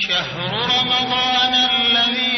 شهر رمضان الذي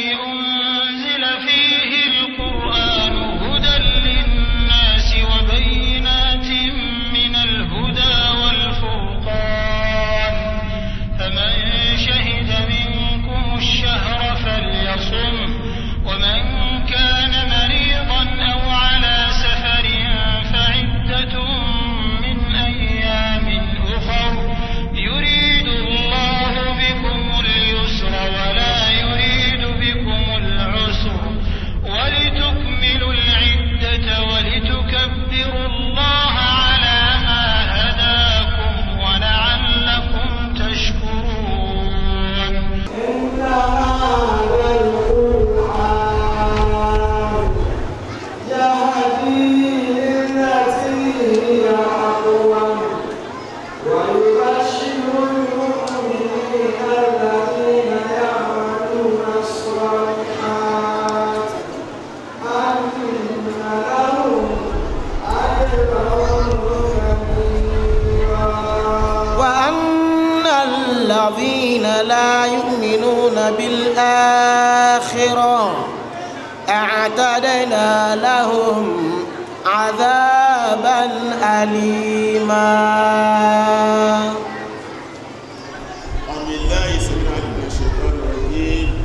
الشيطان الرجيم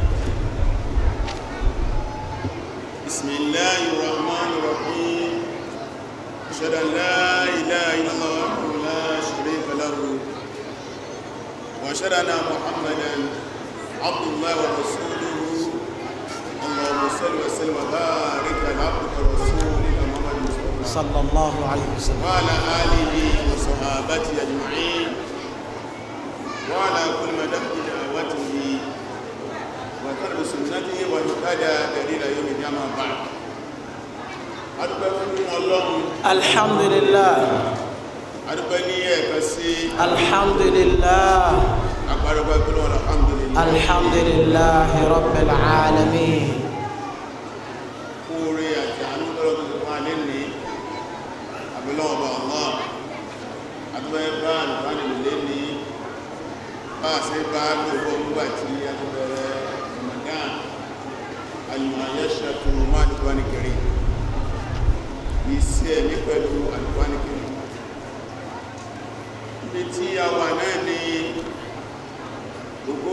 بسم الله الرحمن الرحيم أشهد أن لا إله إلا الله وحده لا شريك له وأشهد أن محمدا عبد الله ورسوله اللهم صل وسلم وبارك على عبدك ورسولك محمد صلى الله عليه وسلم وعلى آله وصحابته أجمعين وعلى كل مدى وقلب سنته واهتدى دليل يوم الجمع بعد الحمد لله الحمد لله الحمد لله رب العالمين lọ́ọ̀bà Allah àtúbẹ̀ bá àlùfáàlì lè ní bá àṣẹ bá lóògbò nígbàtí alukwani kiri iṣẹ́ ní pẹ̀lú alukwani kiri ní tí a wà náà ní gbogbo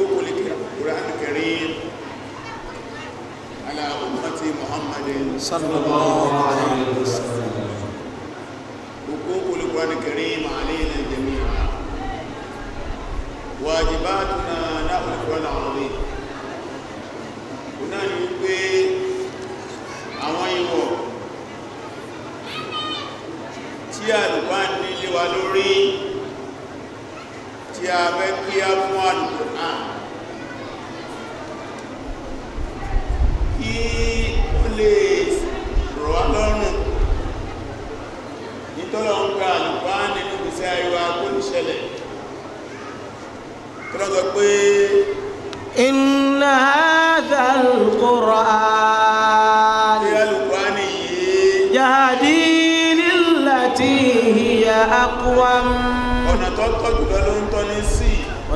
Qur'an Karim ala ummati Muhammadin sallallahu alaihi wasallam gbogbo Qur'an Karim alaina jami'a wajibatun tí a fẹ́ kí a fún àdùkù náà kí ó lè rọ̀ wá lọ́rùn nítorọ̀ ń gba àdùkù á nínú ìgbésẹ̀ àríwá agbóníṣẹ́lẹ̀ tí wọ́n sọ pé inna hadha al-Qur'an yahdi lillati hiya aqwam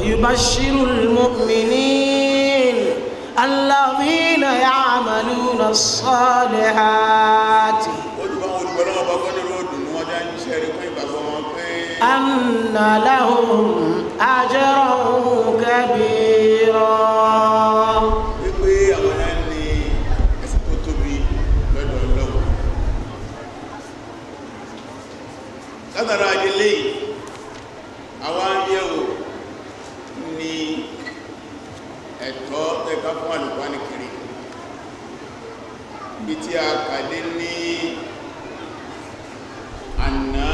يبشر المؤمنين الذين يعملون الصالحات أن لهم أجرا كبيرا tí a kàdé ní àná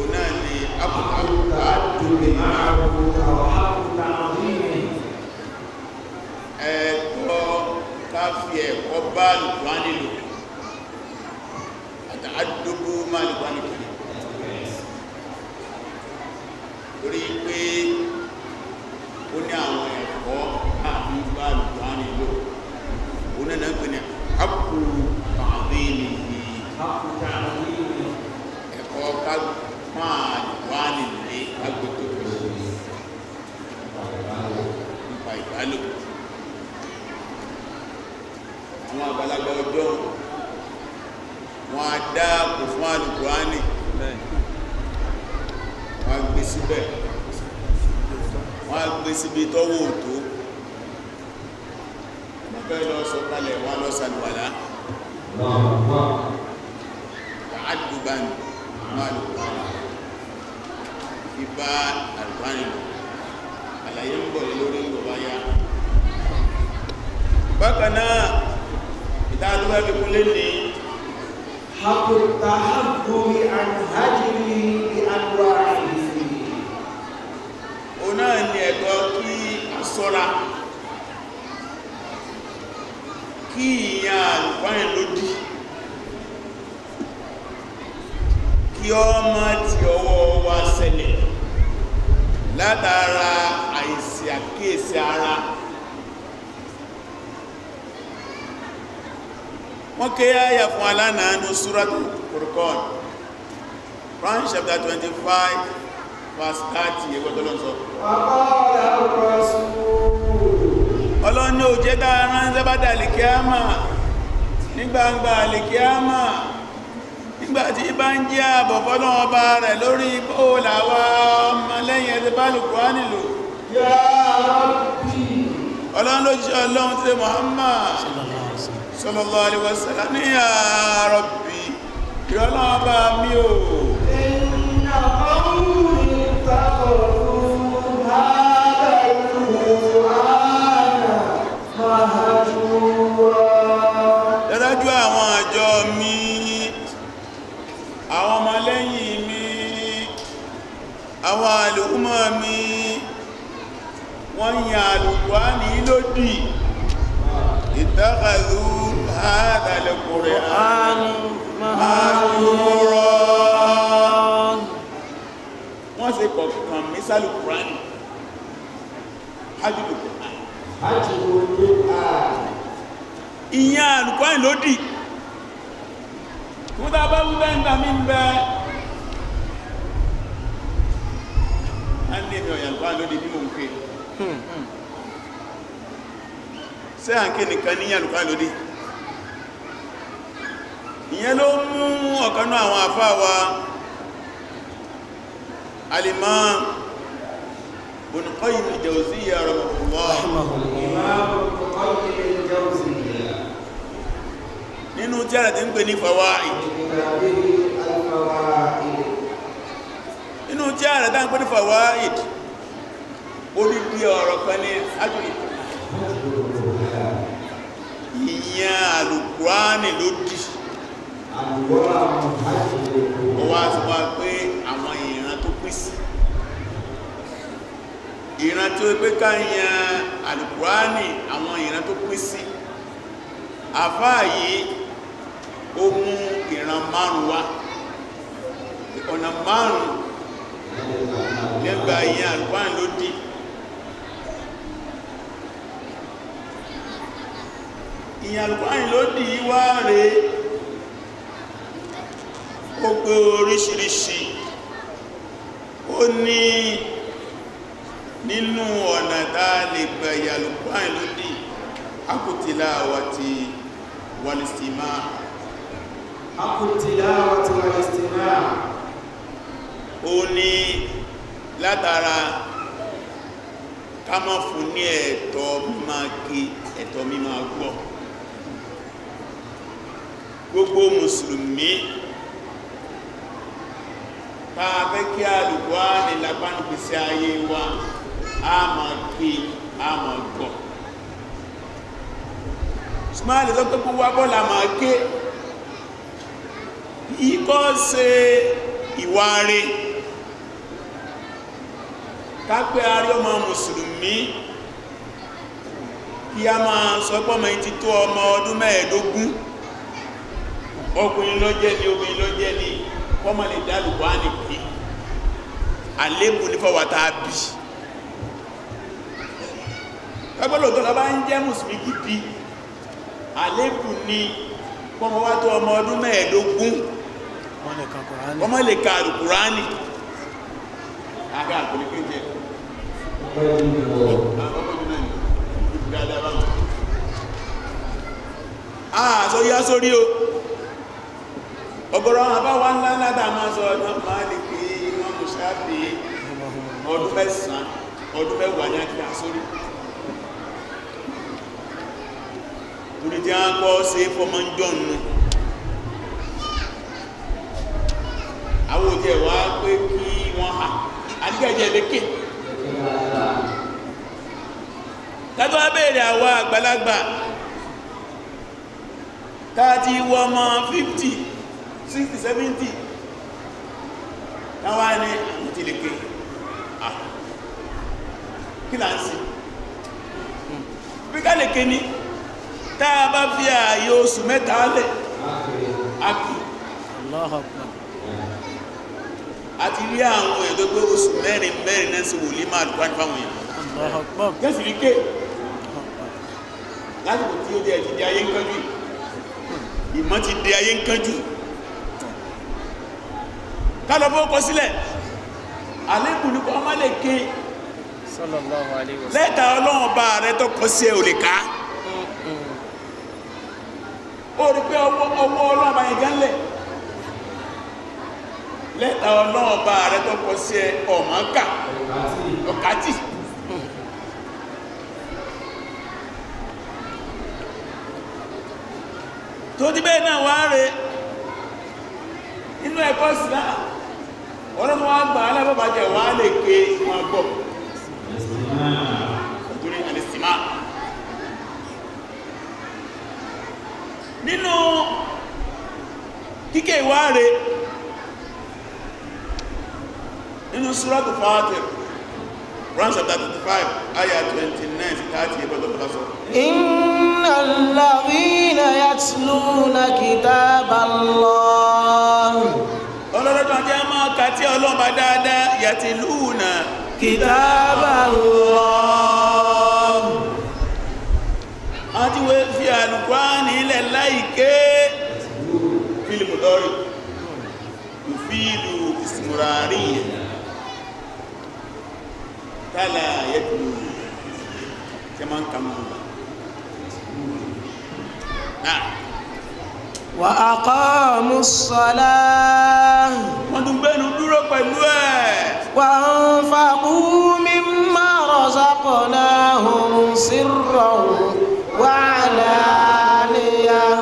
oná ni ẹ̀tọ́ ká fi ẹ̀kọ́ bá lùfánilò lọ sàlùwàlá àdùbàn màlùwà ibà àlùbáyìn àlàyé ń bọ̀ lórí ìgbọ̀bá yá bákan náà ìdájúwà fi kúlé ní hakuta hakuri àhàjírí ní àdúrà ìfẹ́ o náà ní ẹ̀kọ́ kí a sọ́ra kí ìyàn àlùfáàyàn lódì kí ọmọ ti ọwọ́ wa ṣẹlẹ̀ látara àìsí àkíyèsí ara wọ́n ké àyà fún alánàánú súrátù Furqan Quran chapter twenty-five, verse 30 ẹgbẹ́ tọ́lọ́sọ́ wàkọ́ọ̀lá ọ̀rọ̀ sùúrù ọlọ́run ní òjẹ́ dáa ránṣẹ́ bá dà lìkíámà ní gbangba lìkíámà nígbàtí bá ń jẹ́ àbọ̀ fọ́lọ́run ọba rẹ̀ lórí bóòlàwà ọmọ lẹ́yìn ẹ̀dẹ́ bá lùkú á nílò ọlọ́run ló jẹ́ ọlọ́run Muhammad sallallahu alaihi wasallam ní ya Rabbi ìrọ̀lọ́run ọba mi ò alkùránì lódì ìtàkàlù àádàlẹ̀kùnrin àánú wọ́n ṣe kọ̀kan mísàlù kùránì hajjúlù ìyá alkùránì lódì kúrò bá wúbẹ́ ń gbà mí ń bẹ́ a ní èmì ọ̀yà alkùránì lódì bí mo ń pè hmm, hmm ṣe à ń ké nìkan ní àlùkà lódí ìyẹn ló mú ọ̀kanú àwọn àfáàwà Al-Imam Ibn Qayyim al-Jawziyya nínú tí a ti ń pè ní Fawaid nínú tí a rẹ̀ tá ń pè ní Fawaid ó ní bí ọ̀rọ̀ kan ní yan alukurani lòdì ó wá sọ wá pé àwọn ìran tó pín sí ìran tí ó pé ká yan alukurani àwọn ìran tó pín sí àfáà yìí ó mú ìran márùn wá ọ̀nà márùn lẹ́gbàá yan alukurani lòdì ìyàlùkọ́yìn ló dì í wá rèé ó pé oríṣiríṣi ó ní nínú ọ̀nà táa lè gbà ìyàlùkọ́yìn ló dì akútìlá àwàtí wàlìsìmá akútìlá àwàtí wàlìsìmá ó ní látara ká má fún ní ẹ̀tọ́ mímá kí ẹ̀tọ́ mímá gbọ́ gbogbo mùsùlùmí bá a fẹ́ kí àlùkò á ní lápánìgbèsè ayé wa a máa gbé a máa gbọ́ smile tó gbogbo wa bọ́ la máa gé ikọ́ ṣe ìwà rẹ̀ kápẹ́ arí ọmọ mùsùlùmí kí a máa sọ pọ́mọ ti tó ọmọ ọdún mẹ́ẹ̀ẹ́dógún ọkùnrin lọ́jẹ́ ni obìnrin lọ́jẹ́ ni kọ́mọ lè dá lùbáàní pé àlébù ní fọwọ́ tá a bì ẹgbẹ́lò tó lọ bá ń jẹ́ mùsùlùmí gidi àlébù ni kọ́mọ wá tó ọmọ ọdún mẹ́ẹ̀ẹ́dógún ọmọ lè ka àlùkùránì àgbà àkùnrin kéjẹ àà ah, sọ yá sórí o ọgọ́rọ̀ àwọn àbáwá ńlá ládà máa sọ ọdún máa lè pé wọ́n mú sáàbì ọdún mẹ́sàn-án ọdún mẹ́wàá ní àkíyà sórí torí tí a ń kọ́ sí fọmọ ń jọ nù àwọn òjẹ̀ wá pé kí wọ́n hà àdígbẹ̀jẹ̀ lékè tàbí wọ́n bèèrè àwọn àgbàlagbà tá a ti wọ́n mọ́ 50 sixty seventy táwa ní àwọn ti lè ké kí là ń ṣe bí ká lè ké ní tá a bá fi ààyè oṣù mẹ́ta lẹ̀ àkì àti rí àwọn ẹ̀dọ́ pé oṣù mẹ́rin mẹ́rin náà sí wòlí máa dùn wájú fáwọn èèyàn gẹ́sì rí ké lásìkò tí ó di ẹ̀jì di ayé ń kánjú ìmọ̀ ti di ayé ń kánjú kálọ̀ bó kọ sílẹ̀ àlébù ní kọ́ má lè ké lẹ́tà ọlọ́run bá rẹ tó kọ sí ẹ ò lè ká ó rí pé ọwọ́ ọlọ́run bá yẹn gánlẹ̀ lẹ́tà ọlọ́run bá rẹ tó kọ sí ẹ ọ̀mọ́ká ọ̀kátì. tó ti bẹ́ẹ̀ náà wá rè inú ẹ̀kọ́ Islam ọlọ́run wá gbà alábọ́bàjẹ́ wà lè ké wọn gbọ́ torí alìsìmá nínú kíkẹ́ ìwá rẹ̀ nínú súrọ́tù Fatir Quran 35 ayah 29 30 ẹgbẹ́ tó fọ́lá sọ tí ọlọ́mà dáadáa yàtí lúùnà kìtàbà Allah a ti wé fi àlùkùránì ilẹ̀ láìké fílìmù lọ́rì ìfíìlù ìsìmùràrí tààlà yẹ́kùnù tẹ́mọ́ kàmù náà wa aqamus salah wọ́n tún gbẹ́nu dúró pẹ̀lú ẹ̀ wa anfaqu mimma razaqnahum sirran wa alaniyah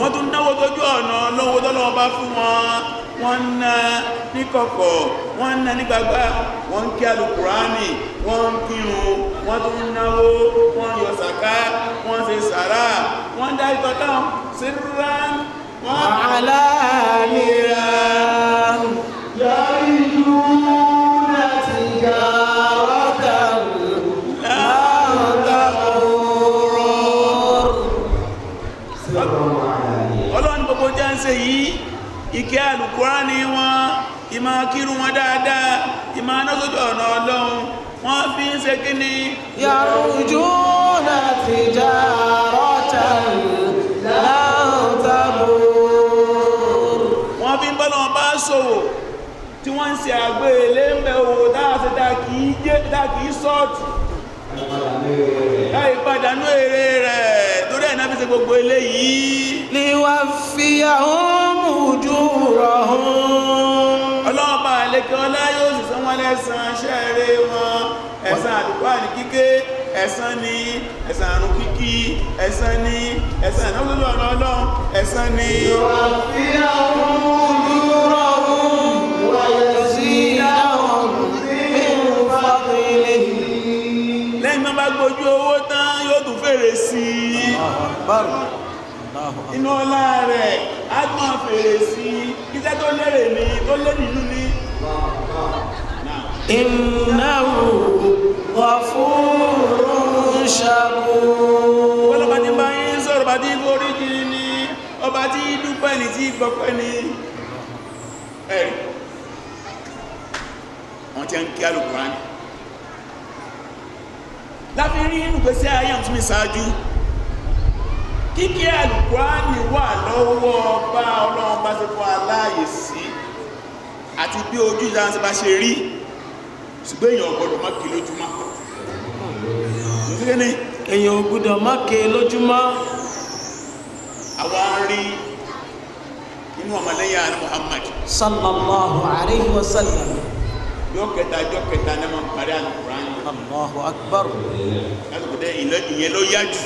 wọ́n tún náwó tójú ọ̀nà lọ́wọ́ tọ́lọ́wọ́ bá fún wọn wọ́n ná ní kọ̀kọ̀ wọ́n ná ní gbàgbà wọ́n ń kí alùkùránì wọ́n ń kírun wọ́n tún náwó wọ́n yọ sàká wọ́n ṣe sàrá wọ́n dá ìtọ́ táwọn sí rírá wọ́n aláàlérà yọrí júúrà ti ga wákà láàrúdà ọ̀rọ̀ ọlọ́run gbogbo jẹ́ ń ṣe yìí ìkẹ́ àlùkùránì wọn ìmọ̀ kírun wọn dáadáa ìmọ̀ anásojú ọ̀nà ọlọ́run wọ́n fi ń ṣe kí ni. yàrùjú náà ti já ọ̀tá láǹtàbò. wọ́n fi ń bọ́lá wọn bá ṣòwò tí wọ́n ń ṣe àgbé ilé ń bẹ owó dáhàṣe dá kì í jẹ́ dá kì í sọ́ọ̀tù. láì pàdánù èrè rẹ̀ torí ẹ̀ náà fi ṣe gbogbo eléyìí. lè wá fi àwọn ọmọ òjò rọ̀ ọ́n. ọlọ́ọ̀bà àlekẹ́ ọláyọ̀ lẹ́sàn ṣẹ́rẹ́ wọn ẹ̀san àdúgbò ní kíké ẹ̀san ní ẹ̀san àrùn kíkí ẹ̀san ní ẹ̀san ìnáwó lọ́nà ọlọ́run ẹ̀san ní. ìwà fi àwọn olùrọ̀ ohun wáyé inú ọlá rẹ̀ á tún fèrè sí i iṣẹ́ tó lérè ní tó lé nínú ní innahu ghafurun shakur. ọlọ́ba ti bá yín sọ̀rọ̀ bá ti forí jì ní ọba tí dúpẹ́ ní tí gbọ́pẹ́ ní ẹ̀rí wọ́n ti ń kí alùkùnrin láti rí inú gbèsè ayé àti mi ṣáájú kíkí alùkùránì wà lọ́wọ́ bá ọlọ́run ṣe rí ṣùgbọ́n èèyàn ọ̀gbọ́dọ̀ má ké lójúmọ́ nítorí èèyàn ọ̀gbọ́dọ̀ má ké lójúmọ́ àwa rí inú ọmọlẹ́yìn àrẹ Muhammad sallallahu alayhi wa sallam yóò kẹta yóò kẹta ní ma parí alukurani Allahu akbar alukurani ìyẹn ló yá jù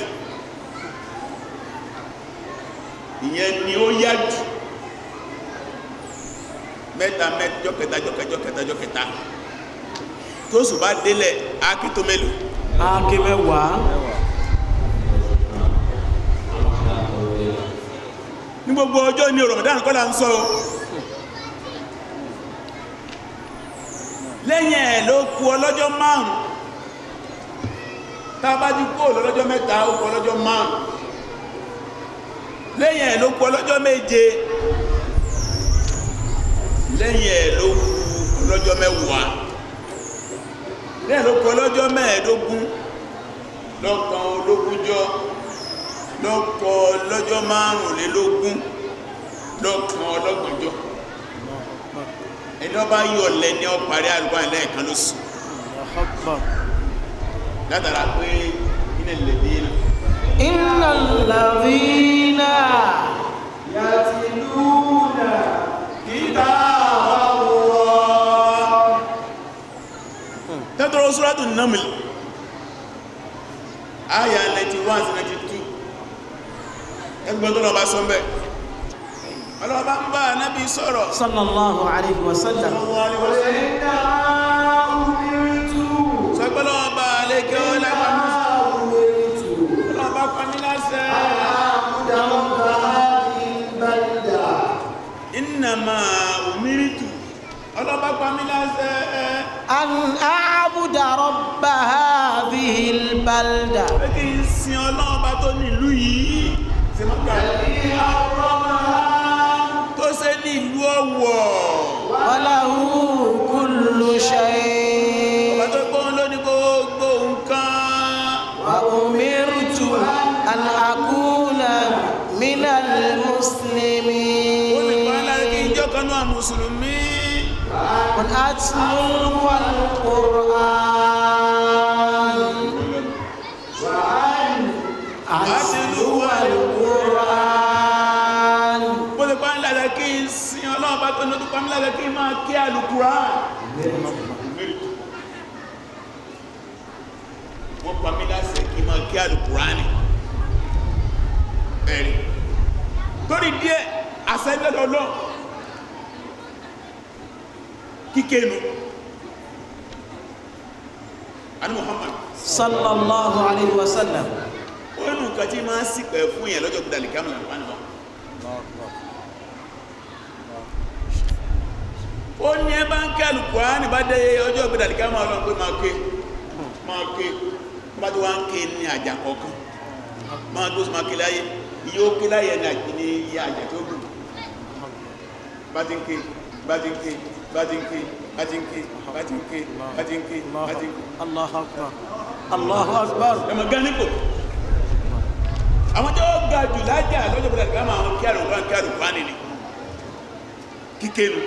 ìyẹn ni ó yá jù mẹ́ta mẹ́ta jọ́kẹta jọ́kẹta jọ́kẹta jọ́kẹta tóṣù bá délẹ̀ ákí tó mélòó ákí mẹ́wàá ní gbogbo ọjọ́ ní Ramadan kọ́lá ń sọ o lẹ́yìn ẹ̀ ló kù ọlọ́jọ́ márùn tá a bá dín kó lọ́lọ́jọ́ mẹ́ta ó kù ọlọ́jọ́ márùn lẹ́yìn ẹ̀ ló kù ọlọ́jọ́ méje lẹ́yìn ẹ̀ ló kù ọlọ́jọ́ mẹ́wàá bẹ́ẹ̀ ló kọ lọ́jọ́ mẹ́ẹ̀ẹ́dógún lọ́kàn ológúnjọ́ lọ́kọ lọ́jọ́ márùnlélógún lọ́kàn ọlọ́gbọ̀njọ́ ẹ̀dọ́ bá yọ lẹ ní ọparí àrùbá ẹlẹ́ẹ̀kan ló sùn látara pé iná lè dé iná. iná làbínà yàtìlúnà kìtà wà. sọ́rọ̀tù Naml ayà 91-92 ẹgbẹ́ tó lọ bá sọ mẹ́ ọlọ́bá ń bá nábi sọ̀rọ̀ sallallahu alaihi wasallam sọgbọ́lọ́bá alẹ́kẹ́ ọlọ́bá ọlọ́bá pàmílásẹ́ innama umiritu ọlọ́bá pàmílásẹ́ balda. pé kí n sin ọlọ́run bá tó ní ìlú yìí ṣe má gbà. ẹ̀mí àrọ́mà. tó ṣe ní ìlú ọ̀wọ̀. wàhálà hù kúlù ṣe. ọba tó gbóhùn lónìí gbogbo nǹkan. wà omi rútu àkúnà mílà mùsùlùmí. olùkọ́ aláàrẹ kí n jọ́ kanú àmùsùlùmí. wọ́n á ti lóun wà ní kúrò áá. àlùkùrán. bó ti pa ń lẹ́lẹ̀ kí n sin ọlọ́run bá pé lójú pa ń lẹ́lẹ̀ kí n máa kí àlùkùrán. wọ́n pa mí láṣẹ kí n máa kí àlùkùrán ni. bẹ́ẹ̀ni torí díẹ̀ àṣẹ lẹ́lọ́ lọ ali muhammad sallallahu alayhi wa sallam ó nù nǹkan tí máa sì pẹ̀ fún yẹn lọ́jọ́ gbọ́dọ̀ àlìkámù làǹfà nìkan. ó ní ẹ bá ń kí àlùkùránì bá dé ọjọ́ gbọ́dọ̀ àlìkámù ọlọ́run pé máa ké máa ké bá tó wá ń ké ní àjà kọ̀ọ̀kan máa tó sì máa ké láyé iye ó ké láyé ní iye àjà tó gùn bá ti ń ké bá ti ń ké bá ti ń ké bá ti ń ké bá ti ń ké bá ti ń ké bá ti ń ké. Allahu Akbar Allahu Akbar. ẹ̀mọ̀ gánipò àwọn tó ga jù lájà lọ́jọ́ bọ́lá ìgbàmà àwọn kí àrùn kan kí àrùn kan nìyí kíkélu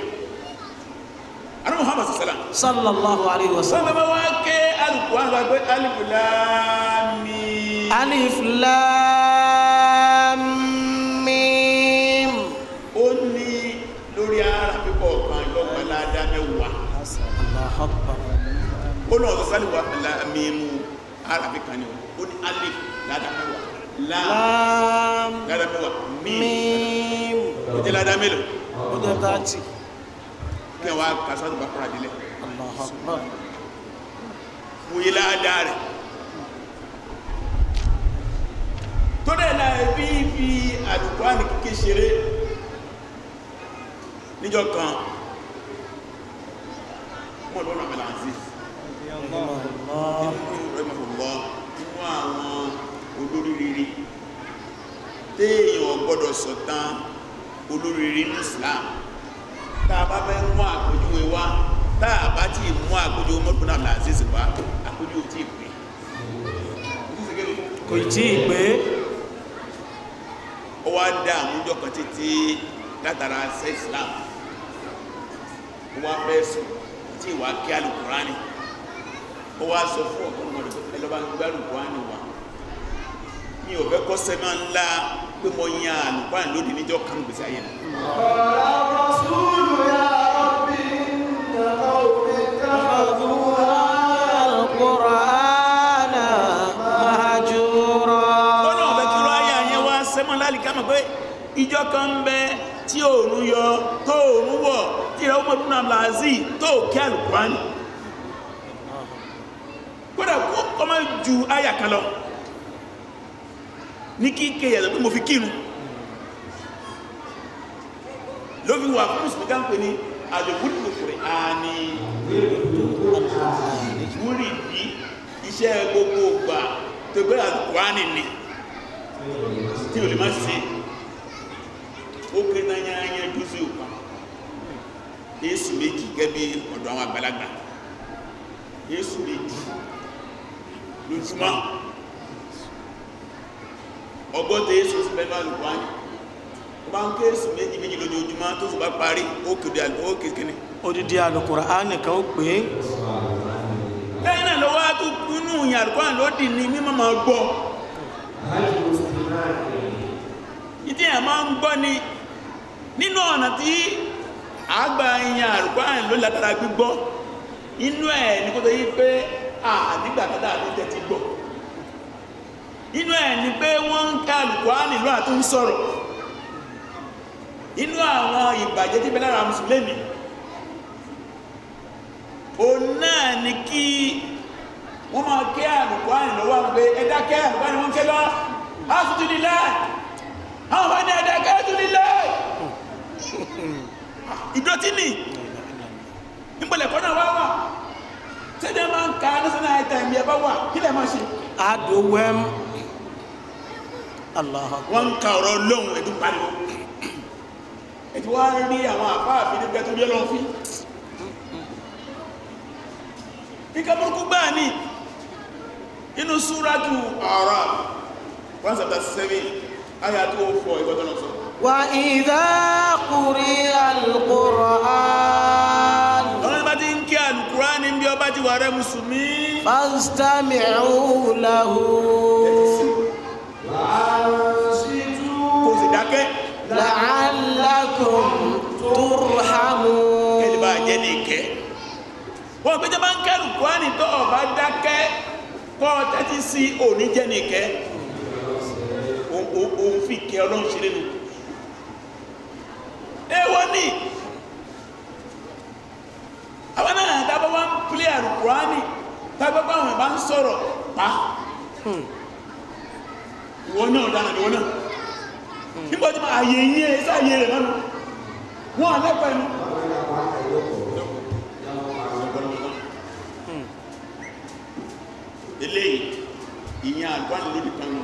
anu muhammad sallam sallallahu alayhi wa sallam sallama wa ke alukuran lọ pé alif lam mim alif lam mim ó ní lórí ara pípọ̀ kan lọ́gbọ̀n ládàá mẹ́wàá ó lọ́wọ́ sọ́sálì wa lámìmù ara pípọ̀ kan ní ó ní alif ládàá mẹ́wàá láàm Mim, míìm ó jẹ́ ládá mélòó ó jẹ́ tààtì kí wá kàṣọ́tù bá kúrò àdílẹ̀ mú yí ládá rẹ̀ tó dẹ̀ láì bí fi àdùkwá ní kíké ṣeré níjọ kan mọ́ lọ́nà mẹ́lá àzíz nínú àwọn olóríire téèyàn gbọ́dọ̀ sọ̀tàn olóríire ní Islam tá a bá fẹ́ mú àpèjúwe wá tá a bá tí mú àpèjúwe mọ́tò náà láti ṣe wá àpèjúwe tí ì pé kò tí ì pé ó wá dá àmújọ kan títí látara ṣe Islam ó wá fẹ́ sùn tí ìwà kí alukurani ó wá sọ fún ọ̀pọ̀lọpọ̀ ẹlọ́ba gbẹ́rù kúránì wà mi ò fẹ́ kọ́ sẹ́mà ńlá pé mo yan àlùkọ́ràn lónìí níjọ́ kan gbèsè ayé mi. ọ̀rọ̀ àwọn sùúrù ọ̀bí ìjọba òbí káfà fún wa al-Qur'an mahjura. bọ́lá ọ̀bẹ kí ló ayé àyẹ̀ wá sẹ́mà ńlá lìkà mọ̀ pé ìjọ kan ń bẹ tí òòrùn yọ tó òòrùn wọ̀ tí ìrẹ́wọ́n mọ̀ dúnà làásì tó kí àlùkọ́ràn. kódà kọ́ máa ju àyà kan lọ ní kíkẹ́ yàtọ̀ pé mo fi kírun ló fi wà fún mùsùlùmí káńpé ní àlòwúlò kùrẹ̀ àní wúrì bí iṣẹ́ gbogbo gbà tó gbẹ́rẹ̀ àlùkùránì ni tí o lè má ṣe ó kéré náà yányá jùsù ìpa yéésù méjì gẹ́bí ọ̀dọ̀ àwọn àgbàlagbà yéésù méjì lójúmọ́ ọgbọ́n tẹ èsù sí pẹ̀lú àlùkò ánì ó bá ń ké èsù méjì méjì lójoojúmọ́ tó sì bá parí ó kéde àlùkò ó kéde ní. odidi alukura ánì kan ó pè é. lẹ́yìn náà lọ́wọ́ tó kúnnú ìyàn àlùkò ánì ló dì ní mímọ́ máa gbọ́. ìdí ẹ̀ máa ń gbọ́ ni nínú ọ̀nà tí àgbà ìyàn àlùkò ánì látara gbígbọ́ inú ẹ̀ ní kó tó yí pé àdígbà kátà àti tẹ̀ ti gbọ́ inú ẹ̀ ni pé wọ́n ń ká alùkùránì lọ́wọ́ àti ń sọ̀rọ̀ inú àwọn ìbàjẹ́ tí bẹ́ẹ̀ lára mùsùlùmí òun náà ni kí wọ́n máa ké alùkùránì lọ́wọ́ àwọn pé ẹ̀dá ké alùkùránì wọ́n ké lọ́ asùtúnilá àwọn ọmọ ní ẹ̀dá ké asùtúnilá ìdọ̀tí nì nígbàlẹ̀kọ́ náà wá wà sẹ́dẹ̀ máa ń ka national anthem yẹ bá wà kílẹ̀ máa ṣe. adùn wẹ́m wọ́n ń ka ọ̀rọ̀ lóhun ẹ̀dùn pariwo ẹ̀tí wá rí àwọn àfáàfin ní pẹ̀tù yẹ́ lọ́fí kíkà burúkú gbáà ní inú súrátù ààrà 177 ayà tó fọ́ ìgbọ́tọ̀ lọ́sọ wà ìdá kùrí alkùrán ọ̀rọ̀ bá ti ń kí kò sì dákẹ́. la'allakum turhamun. kẹ́lẹ́ bá a jẹ́ ní ìkẹ́. wọ́n gbẹ́jọ́ bá ń kẹ́rù kúránì ọ tẹ́tí sí òní jẹ́ ní ìkẹ́. òun fi kẹ́ ọlọ́run ṣe nínú. ni àwọn náà dábọ̀ Hmm. ìwọ náà dáhùn ìwọ náà nígbà tí máa yẹ yín ẹ sáàyè rẹ lọ́nà wọn àlẹ́pàá ẹnu. Hmm. eléyìí ìyẹn àgbánilébì kan nù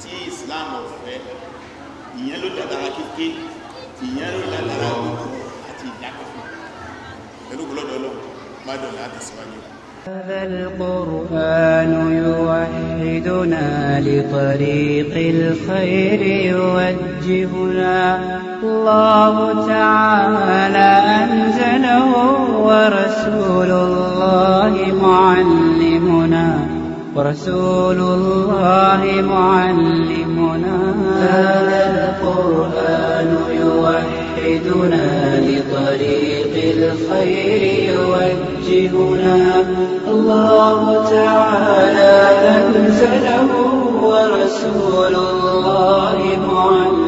tí Islam ọ̀fẹ́ ìyẹn ló dàdára kéke ìyẹn ló dàdára òkú àti ìdákọ̀ọ́ pẹ̀lú gbọ́dọ̀ lọ má dọ̀lá àtẹ̀síwájú. هذا القرآن يوحدنا لطريق الخير يوجهنا الله تعالى أنزله ورسول الله معلمنا ورسول الله معلمنا هذا القرآن يوحدنا يرشدنا لطريق الخير يوجهنا الله تعالى أنزله ورسول الله معلم